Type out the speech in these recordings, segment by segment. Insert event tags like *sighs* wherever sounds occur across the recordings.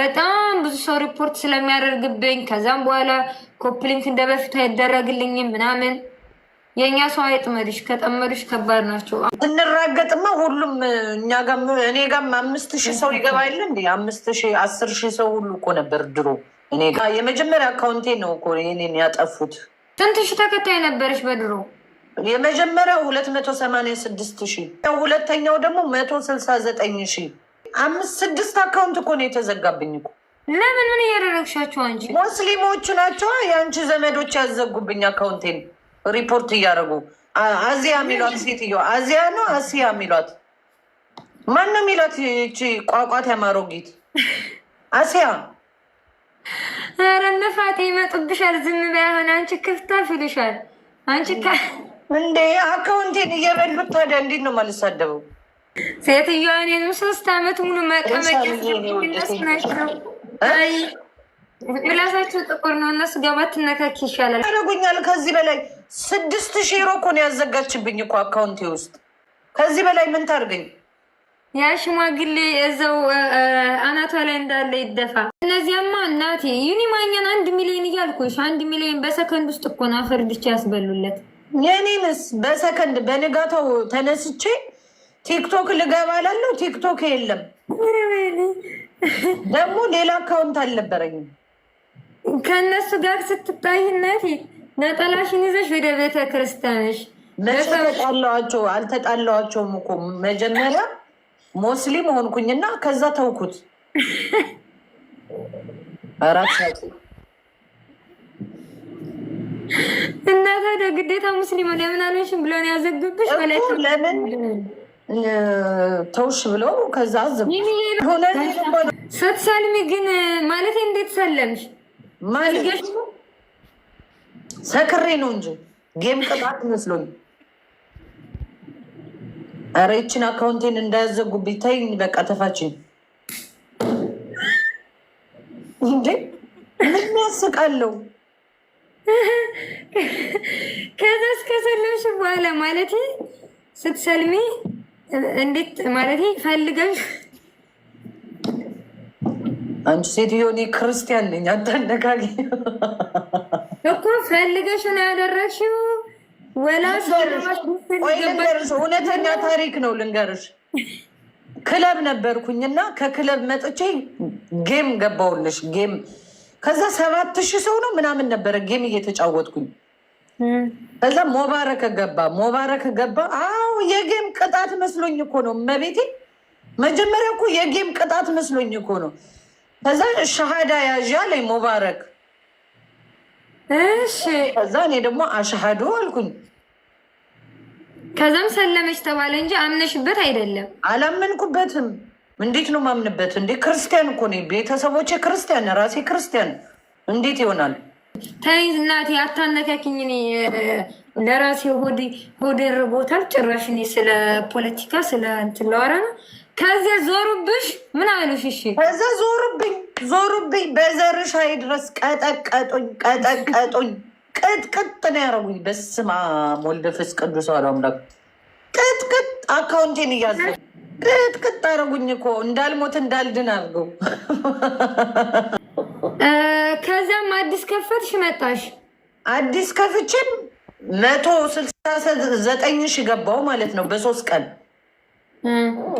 በጣም ብዙ ሰው ሪፖርት ስለሚያደርግብኝ ከዛም በኋላ ኮፕሊንክ እንደ በፊቱ አይደረግልኝም ምናምን። የእኛ ሰው አይጥመድሽ፣ ከጠመዱሽ ከባድ ናቸው። ስንራገጥማ ሁሉም እኛ እኔ ጋም አምስት ሺህ ሰው ይገባ የለ እንዲ አምስት ሺህ አስር ሺህ ሰው ሁሉ እኮ ነበር ድሮ። እኔ ጋ የመጀመሪያ አካውንቴ ነው እኮ ይህንን ያጠፉት። ስንት ሺህ ተከታይ ነበረች በድሮ? የመጀመሪያው ሁለት መቶ ሰማንያ ስድስት ሺህ ሁለተኛው ደግሞ መቶ ስልሳ ዘጠኝ ሺህ አምስት ስድስት አካውንት እኮ ነው የተዘጋብኝ እኮ። ለምን ምን እያደረግሻቸው አንቺ ሙስሊሞቹ ናቸው የአንቺ ዘመዶች ያዘጉብኝ አካውንቴን ሪፖርት እያደረጉ አዚያ የሚሏት ሴትዮ አዚያ ነው አሲያ የሚሏት ነው የሚሏት ይቺ ቋቋት ያማሮጊት አሲያ ኧረ ፋቴ ይመጡብሻል ዝም በይ አሁን አንቺ ክፍታ ፍልሻል አንቺ እንዴ አካውንቴን እየበሉት ታዲያ እንዴት ነው የማልሳደበው ሴትዮዋ እኔንም ሶስት አመት ሙሉ መቀመቂያ ምላሳቸው ጥቁር ነው። እነሱ ገባ ትነካኪ ይሻላል ያደርጉኛል። ከዚህ በላይ ስድስት ሺህ ዩሮ እኮ ነው ያዘጋችብኝ እኮ አካውንቴ ውስጥ። ከዚህ በላይ ምን ታርገኝ? ያ ሽማግሌ እዛው አናቷ ላይ እንዳለ ይደፋ። እነዚያማ እናቴ ዩኒማኛን አንድ ሚሊዮን እያልኩሽ አንድ ሚሊዮን በሰከንድ ውስጥ እኮ ነው አፈር ያስበሉለት። የኔንስ በሰከንድ በንጋታው ተነስቼ ቲክቶክ ልገባ ላለው ቲክቶክ የለም። ደግሞ ሌላ አካውንት አልነበረኝም። ከእነሱ ጋር ስትታይ እናቴ ነጠላሽን ይዘሽ ወደ ቤተ ክርስቲያንሽ ተጣላኋቸው። አልተጣላኋቸውም እኮ መጀመሪያ ሙስሊም ሆንኩኝና ከዛ ተውኩት። አራት እና ታዲያ ግዴታ ሙስሊም ለምን አልሆንሽም ብሎን ያዘግብሽ። ለምን ተውሽ ብለው ከዛ ስትሰልሚ ግን ማለት እንዴት ሰለምሽ? ሰክሬ ነው እንጂ ጌም ቅጣት መስሎኝ። ኧረ ይችን አካውንቴን እንዳያዘጉብኝ ተይኝ፣ በቃ ተፋችን እንዴ ምን ያስቃለው? ከዛ እስከሰለምሽ በኋላ ማለት ስትሰልሜ እንዴት ማለት ፈልገሽ? አንቺ ሴትዮ እኔ ክርስቲያን ነኝ። አታነጋግ እኮ ፈልገሽ ነው ያደረግሽው። ወላሽ እውነተኛ ታሪክ ነው ልንገርሽ። ክለብ ነበርኩኝና ከክለብ መጥቼ ጌም ገባውልሽ ጌም። ከዛ ሰባት ሺህ ሰው ነው ምናምን ነበረ ጌም እየተጫወትኩኝ። ከዛ ሞባረከ ገባ ሞባረከ ገባ የጌም ቅጣት መስሎኝ እኮ ነው መቤቴ። መጀመሪያ እኮ የጌም ቅጣት መስሎኝ እኮ ነው። ከዛ ሸሃዳ ያዣ ላይ ሙባረክ እሺ። ከዛ እኔ ደግሞ አሸሃዱ አልኩኝ። ከዛም ሰለመች ተባለ እንጂ አምነሽበት አይደለም። አላመንኩበትም። እንዴት ነው ማምንበት እንዴ? ክርስቲያን እኮ ነኝ። ቤተሰቦቼ ክርስቲያን፣ ራሴ ክርስቲያን። እንዴት ይሆናል? ተይ እናቴ አታነካኪኝ። ለራሴ ሆዴ ርቦታል። ጭራሽ እኔ ስለ ፖለቲካ ስለ እንትን ላወራ ነው። ከዚ ዞሩብሽ ምን አሉሽ? እሺ ከዚያ ዞሩብኝ ዞሩብኝ በዘርሻ ድረስ ቀጠቀጡኝ ቀጠቀጡኝ። ቅጥቅጥ ነው ያረጉኝ። በስመ አብ ወልድ ወመንፈስ ቅዱስ አሐዱ አምላክ። ቅጥቅጥ አካውንቴን እያዘ ቅጥቅጥ አረጉኝ እኮ እንዳልሞት እንዳልድን አድርገው። ከዚያም አዲስ ከፈትሽ መጣሽ። አዲስ ከፍቼም መቶ ስልሳ ዘጠኝ ገባው ማለት ነው በሶስት ቀን።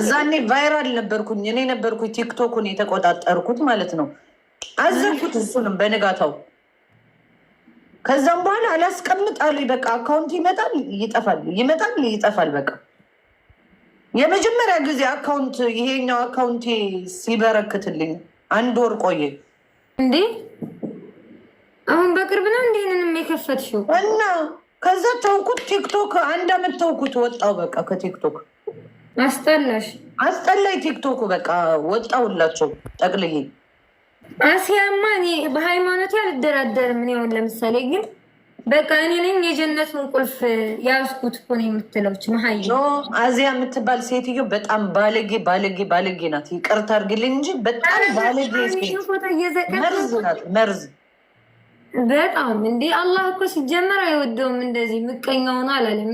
እዛኔ ቫይራል ነበርኩኝ እኔ ነበርኩኝ ቲክቶኩን የተቆጣጠርኩት ማለት ነው። አዘንኩት እሱንም በንጋታው። ከዛም በኋላ አላስቀምጥ በቃ አካውንት ይመጣል ይጠፋል፣ ይመጣል ይጠፋል። በቃ የመጀመሪያ ጊዜ አካውንት ይሄኛው አካውንቴ ሲበረክትልኝ አንድ ወር ቆየ እንዴ። አሁን በቅርብ ነው እንዲህንንም የከፈትሽው እና ከዛ ተውኩት። ቲክቶክ አንድ አመት ተውኩት። ወጣው በቃ ከቲክቶክ አስጠላሽ፣ አስጠላይ ቲክቶክ በቃ ወጣውላቸው ጠቅልዬ። አሲያማ እኔ በሃይማኖት አልደራደርም። እኔ አሁን ለምሳሌ ግን በቃ እኔ ነኝ የጀነቱን ቁልፍ ያዝኩት እኮ ነው የምትለው መሀይ አዚያ የምትባል ሴትዮ በጣም ባለጌ ባለጌ ባለጌ ናት። ይቅርታ አድርግልኝ እንጂ በጣም ባለጌ ሴት መርዝ ናት፣ መርዝ በጣም እንዴ አላህ እኮ ሲጀመር አይወደውም እንደዚህ ምቀኛ ሆኖ አላለም።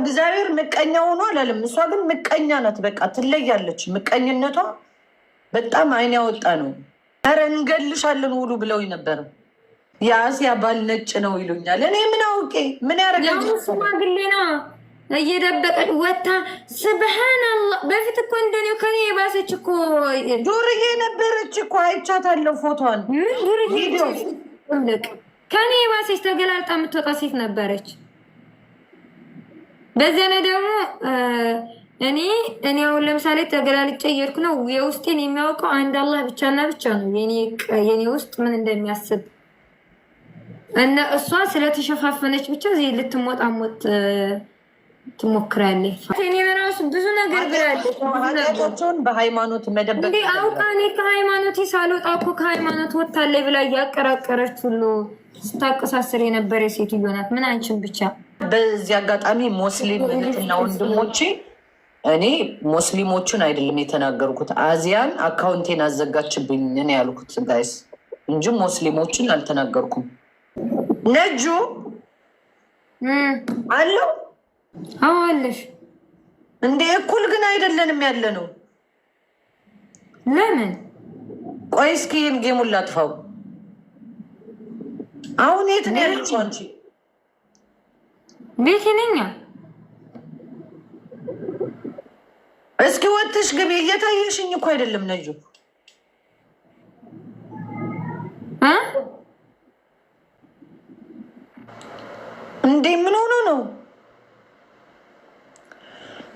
እግዚአብሔር ምቀኛ ሆኖ አላለም። እሷ ግን ምቀኛ ናት። በቃ ትለያለች። ምቀኝነቷ በጣም አይን ያወጣ ነው። ኧረ እንገልሻለን ውሉ ብለው ነበረ። የአሲያ ባል ነጭ ነው ይሉኛል። እኔ ምን አውቄ ምን ያደረገ ሽማግሌ ነው እየደበቀች ወታ ስብሃናላ። በፊት እኮ እንደኔ ከኔ የባሰች እኮ ዱርዬ ነበረች እኮ አይቻታለሁ ፎቶን ምን ዱርዬ ልቅ ከኔ የባሰች ተገላልጣ የምትወጣ ሴት ነበረች። በዚያ ላይ ደግሞ እኔ እኔ አሁን ለምሳሌ ተገላልጬ እየሄድኩ ነው። የውስጤን የሚያውቀው አንድ አላህ ብቻና ብቻ ነው። የኔ ውስጥ ምን እንደሚያስብ እና እሷ ስለተሸፋፈነች ብቻ ልትሞጣሞጥ ትሞክራለች። እኔ በራሱ ብዙ ነገር ብላለችቶቹን በሃይማኖት መደበቅ አውቃ እኔ ከሃይማኖት ሳልወጣ እኮ ከሃይማኖት ወታለ ብላ እያቀራቀረች ሁሉ ስታቀሳስር የነበረ ሴትዮ ናት። ምን አንቺን ብቻ በዚህ አጋጣሚ ሙስሊም እህትና ወንድሞቼ እኔ ሙስሊሞቹን አይደለም የተናገርኩት፣ አዚያን አካውንቴን አዘጋችብኝ እኔ ያልኩት ጋይስ እንጂ ሙስሊሞችን አልተናገርኩም። ነጁ አለው አለሽ እንደ እኩል ግን አይደለንም ያለ ነው። ለምን? ቆይ እስኪ ይህን ጌሙን ላጥፋው። አሁን የት ነው ያለችው? አንቺ እስኪ ወጥሽ ግቢ። እየታየሽኝ እኮ አይደለም ነጁ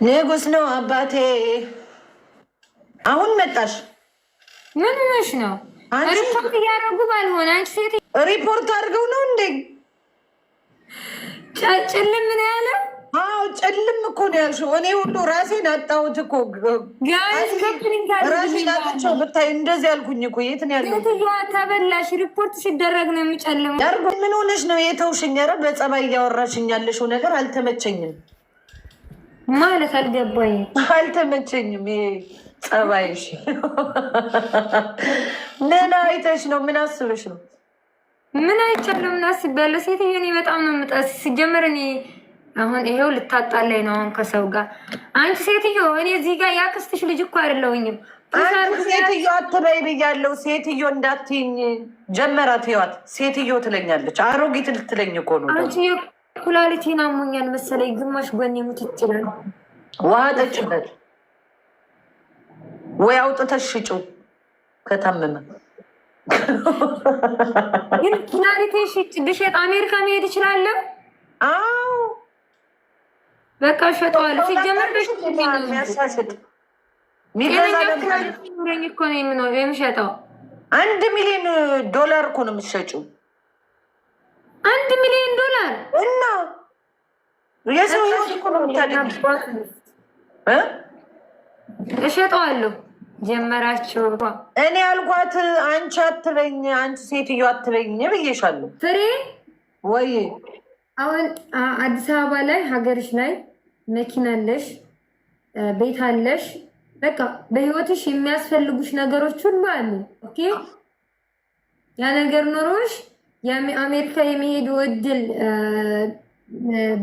ንጉስ ነው አባቴ። አሁን መጣሽ? ምን ሆነሽ ነው? ሪፖርት እያደረጉ ባልሆነ አንቺ ሴት ሪፖርት አድርገው ነው እንዴ? ጨልም ነው ያለ። አዎ ጭልም እኮ ነው ያልሽው። እኔ ሁሉ ራሴን አጣሁት እኮ ራሴን አጥቼው ብታይ እንደዚህ ያልኩኝ እኮ። የት ነው ያለው? ተበላሽ። ሪፖርት ሲደረግ ነው የሚጨልመው። ምን ሆነሽ ነው የተውሽኝ? ኧረ በጸባይ እያወራሽኝ ያለሽው ነገር አልተመቸኝም። ማለት አልገባኝ፣ አልተመቸኝም። ይሄ ጸባይሽ ምን አይተሽ ነው? ምን አስበሽ ነው? ምን አይቻለሁ? ምን አስቤያለሁ? ሴትዮ እኔ በጣም ነው የምጠስ። ሲጀምር እኔ አሁን ይሄው ልታጣላኝ ነው አሁን ከሰው ጋር። አንቺ ሴትዮ እኔ እዚህ ጋር ያክስትሽ ልጅ እኮ አይደለሁኝም። ሴትዮ አትበይ ብያለሁ። ሴትዮ እንዳትይኝ ጀመራት። ህይወት ሴትዮ ትለኛለች። አሮጊት ልትለኝ እኮ ነው። ኩላሊቴን አሞኛል መሰለኝ፣ ግማሽ ጎን የምትት ይላል። ውሃ ጠጭበት ወይ አውጥተሽ ሽጪው ከታመመ። ግን ኩላሊቴን ሽጭ ብሸጥ አሜሪካ መሄድ እችላለሁ። አዎ በቃ እሸጠዋለሁ። ሲጀመር በሽሚያሳስጥ ሚሊዮን እኮ ነው የምሸጠው። አንድ ሚሊዮን ዶላር እኮ ነው የምትሸጪው አንድ ሚሊዮን ዶላር እና የሰው ህይወት እኮ ነው እሸጠዋለሁ እኔ አልኳት አንቺ አትበኝ፣ አንቺ ሴትዮ አትበኝ ብዬሻለሁ። ፍሬ ወይ አሁን አዲስ አበባ ላይ ሀገርሽ ላይ መኪና አለሽ፣ ቤት አለሽ። በቃ በህይወትሽ የሚያስፈልጉሽ ነገሮች ሁሉ አሉ። ያ ነገር ኖሮሽ አሜሪካ የሚሄዱ እድል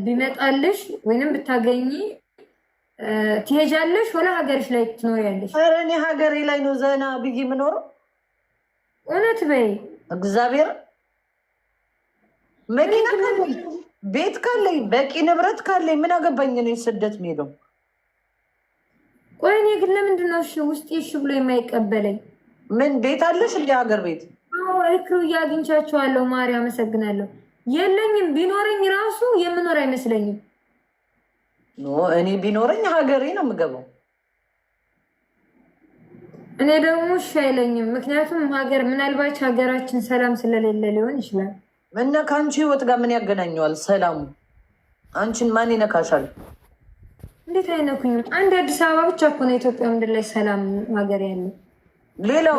ቢመጣልሽ ወይንም ብታገኝ ትሄጃለሽ ሆነ ሀገርሽ ላይ ትኖሪያለሽ? ኧረ እኔ ሀገሬ ላይ ነው ዘና ብዬ የምኖረው። እውነት በይ እግዚአብሔር። መኪና ካለኝ ቤት ካለኝ በቂ ንብረት ካለኝ ምን አገባኝ ነው ስደት ሄደው። ቆይ እኔ ግን ለምንድን ነው ውስጤ እሺ ብሎ የማይቀበለኝ? ምን ቤት አለሽ እንደ ሀገር ቤት ክሩዬ አግኝቻቸዋለሁ። ማሪ አመሰግናለሁ። የለኝም ቢኖረኝ ራሱ የምኖር አይመስለኝም። እኔ ቢኖረኝ ሀገሬ ነው የምገባው። እኔ ደግሞ እሺ አይለኝም። ምክንያቱም ሀገር ምናልባች ሀገራችን ሰላም ስለሌለ ሊሆን ይችላል። እና ከአንቺ ህይወት ጋር ምን ያገናኘዋል ሰላሙ? አንቺን ማን ይነካሻል? እንዴት አይነኩኝም? አንድ አዲስ አበባ ብቻ እኮ ነው ኢትዮጵያ ምድር ላይ ሰላም ሀገር ያለው ሌላው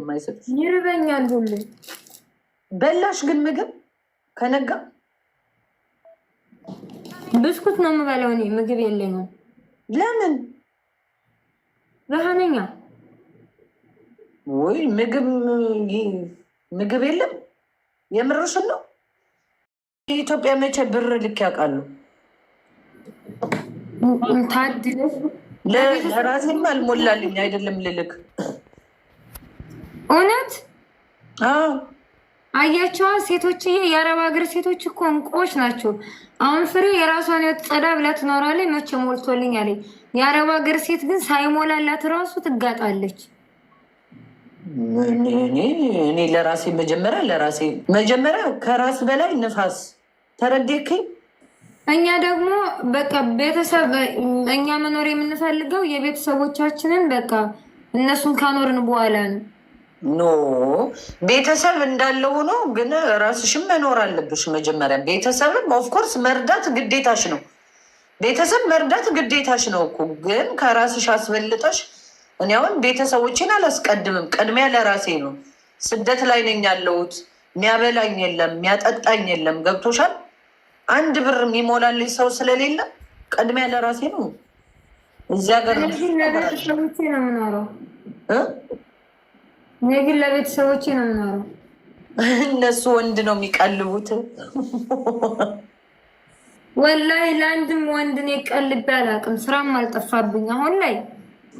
የማይሰጥ ይርበኛል ሁሉ በላሽ ግን ምግብ ከነጋ ብስኩት ነው የምበለው እኔ ምግብ የለኝም ለምን ረሃነኛ ወይ ምግብ ምግብ የለም የምርሽን ነው የኢትዮጵያ መቼ ብር ልክ ያውቃሉ ታድለው ለራሴም አልሞላልኝ አይደለም ልልክ እውነት አያቸዋ ሴቶችዬ፣ የአረብ ሀገር ሴቶች እኮ እንቁዎች ናቸው። አሁን ፍሬ የራሷን ህይወት ጸዳ ብላ ትኖራለች። መቼ ሞልቶልኝ አለ። የአረብ ሀገር ሴት ግን ሳይሞላላት ራሱ ትጋጣለች። እኔ ለራሴ መጀመሪያ ለራሴ መጀመሪያ ከራስ በላይ ንፋስ ተረዴክኝ። እኛ ደግሞ በቃ ቤተሰብ እኛ መኖር የምንፈልገው የቤተሰቦቻችንን በቃ እነሱን ካኖርን በኋላ ነው። ኖ ቤተሰብ እንዳለ ሆኖ ግን ራስሽም መኖር አለብሽ። መጀመሪያ ቤተሰብም ኦፍኮርስ መርዳት ግዴታሽ ነው። ቤተሰብ መርዳት ግዴታሽ ነው እኮ ግን ከራስሽ አስበልጠሽ። እኔ አሁን ቤተሰቦቼን አላስቀድምም፣ ቅድሚያ ለራሴ ነው። ስደት ላይ ነኝ ያለሁት። የሚያበላኝ የለም፣ የሚያጠጣኝ የለም። ገብቶሻል? አንድ ብር የሚሞላልኝ ሰው ስለሌለ ቅድሚያ ለራሴ ነው። እዚያ ገር ነው የምኖረው እኔ ግን ለቤተሰቦቼ ነው የምኖረው። እነሱ ወንድ ነው የሚቀልቡት። ወላሂ ለአንድም ወንድ እኔ ቀልቤ አላውቅም። ስራም አልጠፋብኝ አሁን ላይ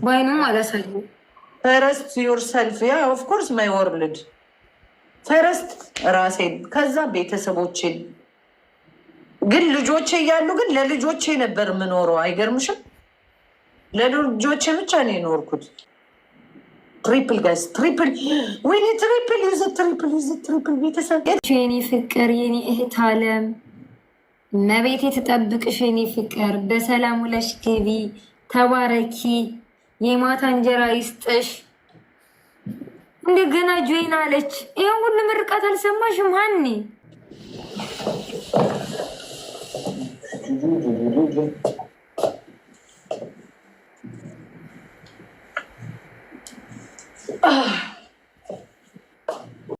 በአይኑም አላሳዩ። ፈረስት ዮርሰልፍ ያ ኦፍኮርስ ማይ ወርልድ ፈረስት ራሴን፣ ከዛ ቤተሰቦቼን። ግን ልጆቼ እያሉ ግን ለልጆቼ ነበር የምኖረው። አይገርምሽም? ለልጆቼ ብቻ ነው የኖርኩት። ትሪፕል ጋይስ ትሪፕል ወይ ትሪፕል ዩዘ ትሪፕል ዩዘ ትሪፕል ቤተሰብ የኔ ፍቅር የኔ እህት አለም መቤት የተጠብቅሽ የኔ ፍቅር በሰላም ውለሽ ግቢ ተባረኪ የማታ እንጀራ ይስጥሽ እንደገና ጆይን አለች ይህ ሁሉ ምርቃት አልሰማሽም ሀኒ Ugh. *sighs* *sighs*